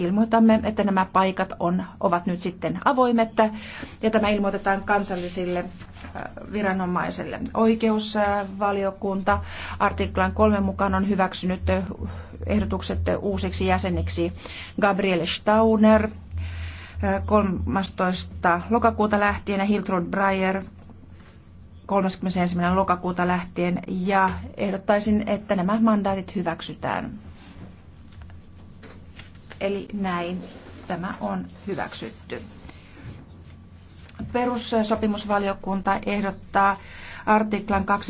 ilmoitamme, että nämä paikat on, ovat nyt sitten avoimet ja tämä ilmoitetaan kansallisille äh, viranomaisille. Oikeusvaliokunta artiklan kolmen mukaan on hyväksynyt ehdotukset uusiksi jäseniksi Gabriel Stauner 13. Äh, lokakuuta lähtien ja Hiltrud Breyer 31. lokakuuta lähtien ja ehdottaisin, että nämä mandaatit hyväksytään. Eli näin tämä on hyväksytty. Perussopimusvaliokunta ehdottaa artiklan 2